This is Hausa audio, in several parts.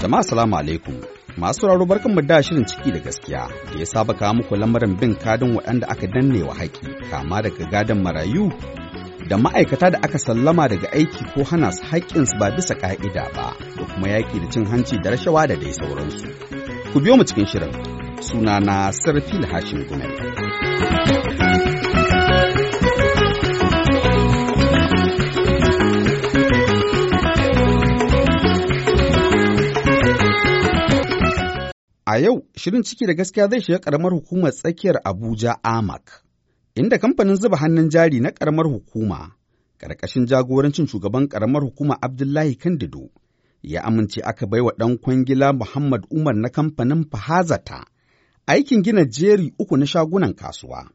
Jama'a salamu alaikum. Masu sauraro barkan mu da shirin ciki da gaskiya da ya saba kawo muku lamarin bin kadin waɗanda aka danne wa haƙi kama daga gadon marayu da ma'aikata da aka sallama daga aiki ko hana su haƙƙinsu ba bisa ƙa'ida ba da kuma yaƙi da cin hanci da rashawa da dai sauransu. Ku biyo mu cikin shirin sunana Sarfil Hashim Gumel. A yau, shirin ciki da gaskiya zai shiga ƙaramar hukumar tsakiyar Abuja Amak, inda kamfanin zuba hannun jari na ƙaramar hukuma, ƙarƙashin jagorancin shugaban ƙaramar hukuma Abdullahi Kandido, ya amince aka bai wa ɗan kwangila Muhammad Umar na kamfanin Fahazata aikin gina jeri uku na shagunan kasuwa.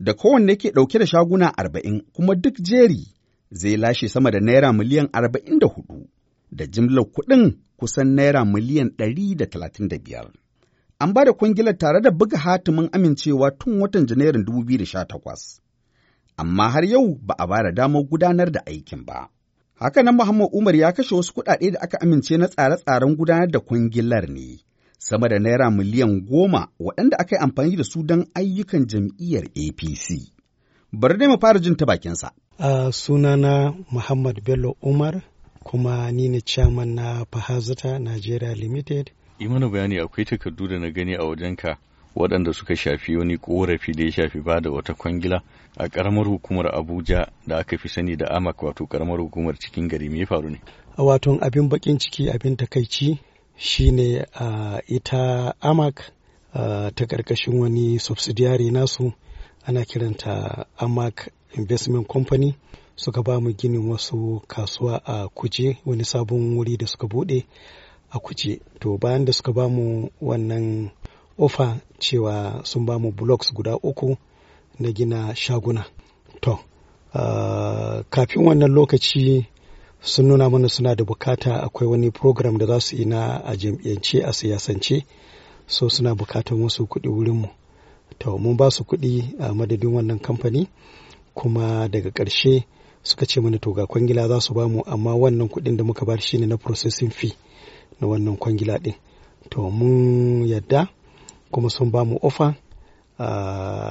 Da kowanne ke ɗauke da shaguna arba'in kuma duk jeri zai lashe sama da naira miliyan arba'in da hudu, da jimlar kuɗin kusan naira miliyan ɗari da talatin da biyar. An ba da kwangilar tare da buga hatimin amincewa tun watan Janairun 2018, amma har yau ba a ba damar gudanar da aikin ba. Haka nan Muhammad Umar ya kashe wasu kuɗaɗe da aka amince na tsare-tsaren gudanar da kwangilar ne, sama da naira miliyan goma waɗanda aka yi amfani da su don ayyukan jam'iyyar APC. Bari dai mu fara jin ta bakinsa. Uh, sunana Muhammad Bello Umar, kuma ni ne chairman na Fahazata Nigeria Limited. Yi mana bayani akwai takardu da na gani a wajenka waɗanda suka shafi wani korafi da ya shafi ba da wata kwangila a ƙaramar hukumar Abuja da aka fi sani da Amak wato ƙaramar hukumar cikin gari me faru ne? a Wato abin bakin ciki abin takaici shine a ita Amak uh, ta ƙarƙashin wani subsidiary nasu ana kiranta Amak Investment Company. suka ba mu ginin wasu kasuwa a kuje wani sabon wuri da suka bude a kuje to bayan da suka ba mu wannan ofa cewa sun ba mu blocks guda uku na gina shaguna to uh, kafin wannan lokaci sun nuna mana suna da bukata akwai wani program da za su yi na a jam'iyyance a siyasance so suna bukatan wasu kuɗi wurinmu to mun ba su kuɗi a madadin wannan kamfani kuma daga ƙarshe suka ce mana to ga kwangila za su bamu amma wannan kuɗin da muka bar shi ne na processing fee na wannan kwangila ɗin to mun yadda kuma sun bamu ofa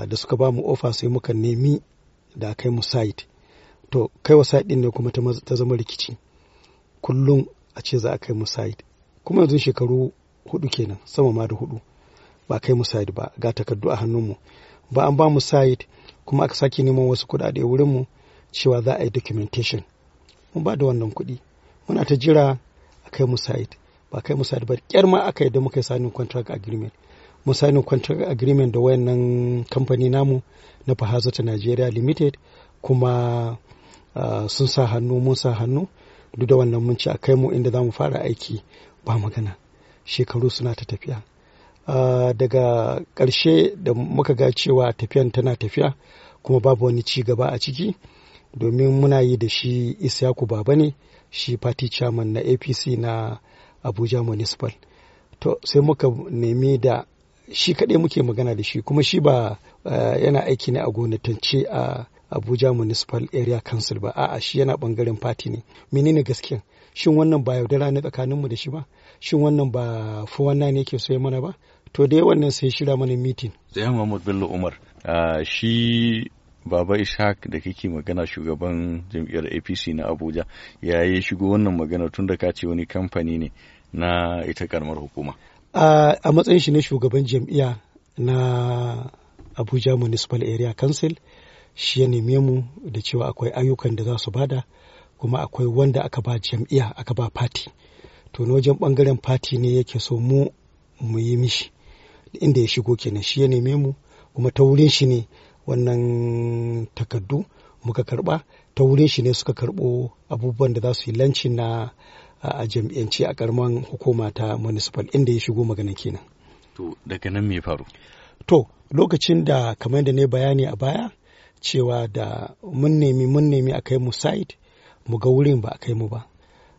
da suka bamu ofa sai muka nemi da kai mu site to kai wa site ɗin ne kuma ta zama rikici kullum a ce za a kai mu site kuma yanzu shekaru hudu kenan sama ma da hudu ba kai mu site ba ga takardu a hannunmu ba an bamu mu site kuma aka sake neman wasu kuɗaɗe wurinmu mu cewa za a yi documentation mun ba da wannan kuɗi muna ta jira a kai mu site ba kai mu site ba kyar ma aka yi da muka yi sanin contract agreement mu sanin contract agreement da wayannan kamfani namu na ta Nigeria Limited kuma uh, sun sa hannu mun sa hannu duk da wannan mun ci a kai mu inda za mu fara aiki ba magana shekaru suna ta tafiya uh, daga ƙarshe da muka ga cewa tafiyan tana tafiya kuma babu wani ci gaba a ciki domin muna yi da shi isyaku baba ne shi party chairman na apc na abuja municipal to sai muka nemi da shi kaɗai muke magana da shi kuma shi ba uh, yana aiki ne a gonatance a abuja municipal area council ba a'a shi yana ɓangaren fati ne menene gaskiya shin wannan ba yaudara ne tsakaninmu da shi ba shin wannan ba fuwanna ne ke so mana ba to dai wannan sai shira mana mitin. Zai Muhammad Bello Umar ah, shi Baba Ishaq da kake magana shugaban jam'iyyar APC na Abuja ya yi shigo wannan magana tun da ka ce wani kamfani ne na ita karamar hukuma. a matsayin shi ne shugaban jam'iyya na Abuja Municipal Area Council shi ya neme mu da cewa akwai ayyukan da za su bada kuma akwai wanda aka ba jam'iyya aka ba fati. To na wajen bangaren fati ne yake so mu mu yi mishi inda ya shigo kenan shi ya neme mu kuma ta wurin shi ne wannan takardu muka karba ta wurin shi ne suka karbo abubuwan da za su yi lanci na a jam'iyyance a karman hukuma ta municipal inda ya shigo magana kenan to daga nan me faru to lokacin da kamar da ne bayani a baya cewa da mun nemi mun nemi a kai mu said, mu ga wurin ba a kai mu ba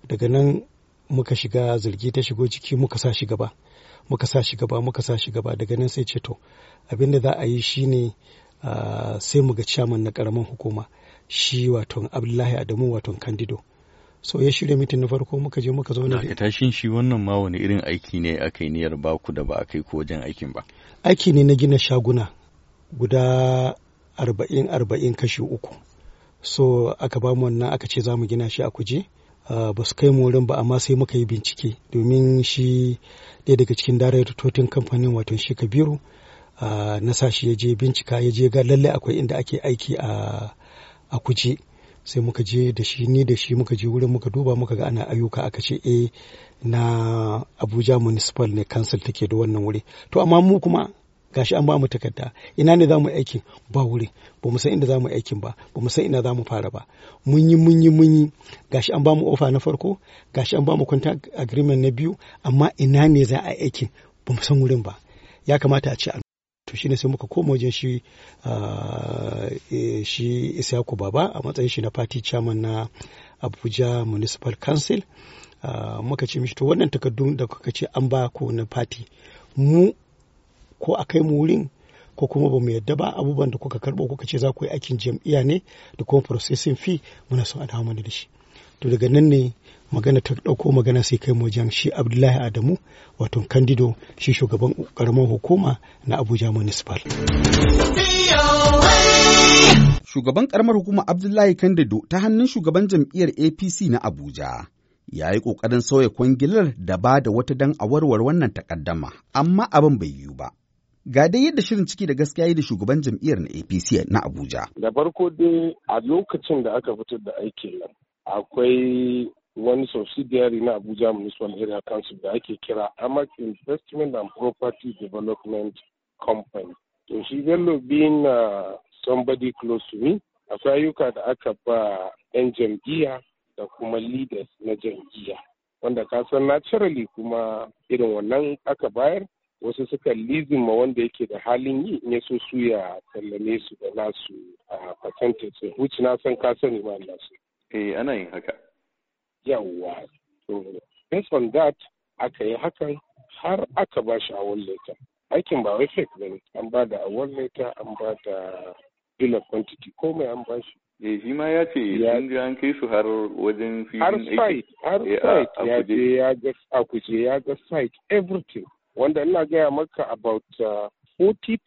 daga nan muka shiga zargi ta shigo ciki muka sa shi gaba muka sa shi gaba muka sa shi gaba daga nan sai ce to abinda za a yi shine sai mu ga ciyaman na karamin hukuma shi wato abdullahi adamu wato kandido so ya shirya mitin na farko muka je muka zauna da tashin shi wannan ma wani irin aiki ne aka yi niyyar ku da ba a kai ko wajen aikin ba aiki ne na gina shaguna guda arba'in arba'in kashi uku so aka ba mu wannan aka ce za mu gina shi a kuje ba su kai mu wurin ba amma sai muka yi bincike domin shi ɗaya daga cikin totin kamfanin wato shi kabiru na sashi ya je bincika ya je ga lallai akwai inda ake aiki a kuje sai muka je da shi ni da shi muka je wurin muka duba muka ga ana ayyuka aka ce eh na abuja municipal ne council take da wannan wuri to amma mu kuma gashi an ba mu takarda ina ne za mu aikin ba wurin ba mu san inda za mu aikin ba ba mu san ina za mu fara ba mun yi mun yi mun gashi an ba mu ofa na farko gashi an ba mu contact agreement na biyu amma ina ne za a aikin ba mu san wurin ba ya kamata a ce to shine sai muka koma wajen shi e, shi Ishaku Baba a matsayin shi na party chairman na Abuja Municipal Council muka ce mishi to wannan takardun da kuka ce an ba ku na party mu ko a kai mu wurin ko kuma ba mu yadda ba abubuwan da kuka karbo kuka ce za ku yi aikin jam'iyya ne da kuma processing fee muna son a dawo mana da shi. to daga nan ne magana ta ɗauko magana sai kai wajen shi abdullahi adamu wato kandido shi shugaban karamar hukuma na abuja municipal shugaban karamar hukuma abdullahi kandido ta hannun shugaban jam'iyyar apc na abuja ya yi ƙoƙarin sauya kwangilar da ba da wata dan a warware wannan takaddama amma abin bai yiwu ba ga dai yadda shirin ciki da gaskiya yi da shugaban jam'iyyar na apc na abuja da farko dai a lokacin da aka fitar da aikin nan akwai wani subsidiary na Abuja Municipal Area Council da ake kira Amac Investment and Property Development Company. To shi Bello being uh, somebody close to me, akwai ayyuka da aka ba 'yan jam'iyya da kuma leaders na jam'iyya. Wanda ka san naturally kuma irin wannan aka bayar wasu suka lizin ma wanda yake da halin yi in ya so suya tallame su da nasu a uh, percentage which na san ka sani ma nasu. eh ana yin haka yawwa to based on that aka yi hakan har aka ba shi awon leta aikin ba wai fake bane an ba da awon leta an ba da bill of quantity komai an ba shi eh shi ma ya ce sun ji an kai su har wajen filin aiki har site har eh, site ya je ya ga a kuje ya ga site everything wanda ina gaya maka about uh, 40%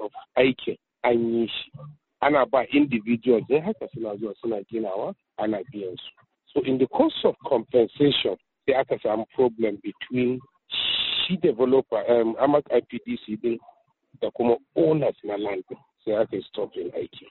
of aikin an yi shi ana ba individual ne eh, haka suna zuwa suna ginawa ana biyan su so in the course of compensation sai aka samu problem between shi developer um, amak ipdc din da kuma owners na land sai aka yi in aiki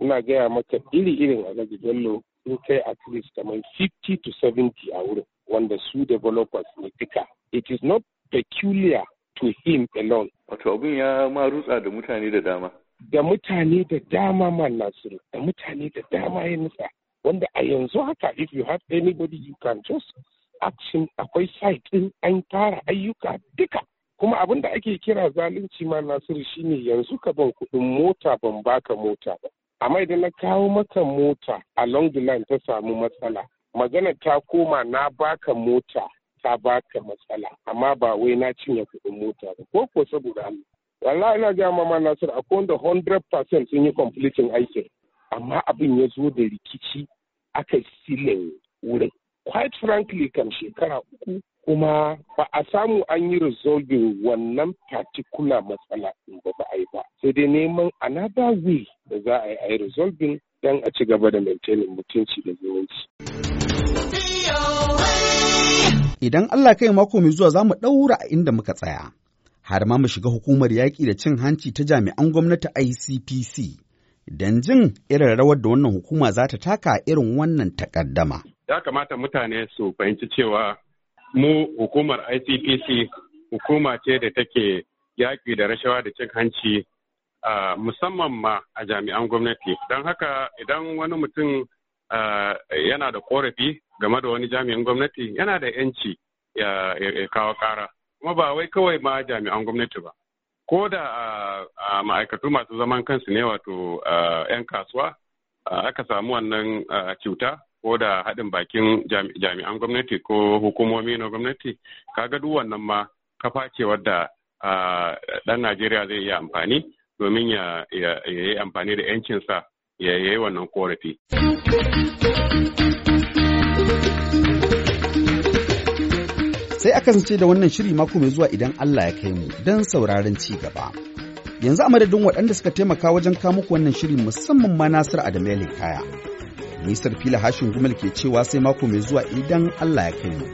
ina gaya maka iri irin alhaji bello sun kai at least kamar 50 to 70 a wurin wanda su developers ne duka it is not peculiar to him alone wato abin ya ma rutsa da mutane da dama da mutane da dama man nasiru da mutane da dama ya nutsa wanda a yanzu haka if you have anybody you can just him akwai site din an tara ayyuka duka kuma abin da ake kira zalunci ma nasiru shine yanzu ka ban kuɗin mota ban baka mota ba amma idan na kawo maka mota a long line ta samu matsala magana ta koma na baka mota ta baka matsala amma ba wai na cinye kuɗin mota ba ko ko saboda Allah wallahi ina ga mama Nasir akwai wanda 100% sun yi completing aikin amma abin ya zo da rikici aka sile wurin quite frankly kam shekara uku kuma ba a samu an yi resolving wannan particular matsala in ba ba yi ba sai dai neman another way da za a yi a yi resolving don a ci gaba da maintaining mutunci da zumunci. Idan Allah kai mako mai zuwa za mu ɗaura a inda muka tsaya. Har ma mu shiga hukumar yaƙi da cin hanci ta jami'an gwamnati ICPC. don jin irin rawar da wannan hukuma za ta taka irin wannan takaddama. Ya kamata mutane su fahimci cewa mu hukumar ICPC hukuma ce da take yaƙi da rashawa da cin hanci musamman ma a jami'an gwamnati. Don haka idan wani mutum yana da korafi game da wani jami'in gwamnati yana da 'yanci ya kawo ƙara. Kuma ba wai kawai ma jami'an gwamnati ba. ko da a ma'aikatu masu zaman kansu ne wato 'yan kasuwa aka samu wannan cuta ko da haɗin bakin jami'an gwamnati ko hukumomi na gwamnati kaga duk wannan ma kafa ce wadda ɗan najeriya zai iya amfani domin ya yi amfani da 'yancinsa ya yi wannan korafi. sai akasance zance da wannan shiri mako mai zuwa idan Allah ya kai mu don sauraron ci gaba. Yanzu a madadin waɗanda suka taimaka wajen muku wannan shiri musamman ma Nasir ya Kaya. Nisar fila hashin gumal ke cewa sai mako mai zuwa idan Allah ya kai mu.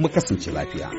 Mu kasance lafiya.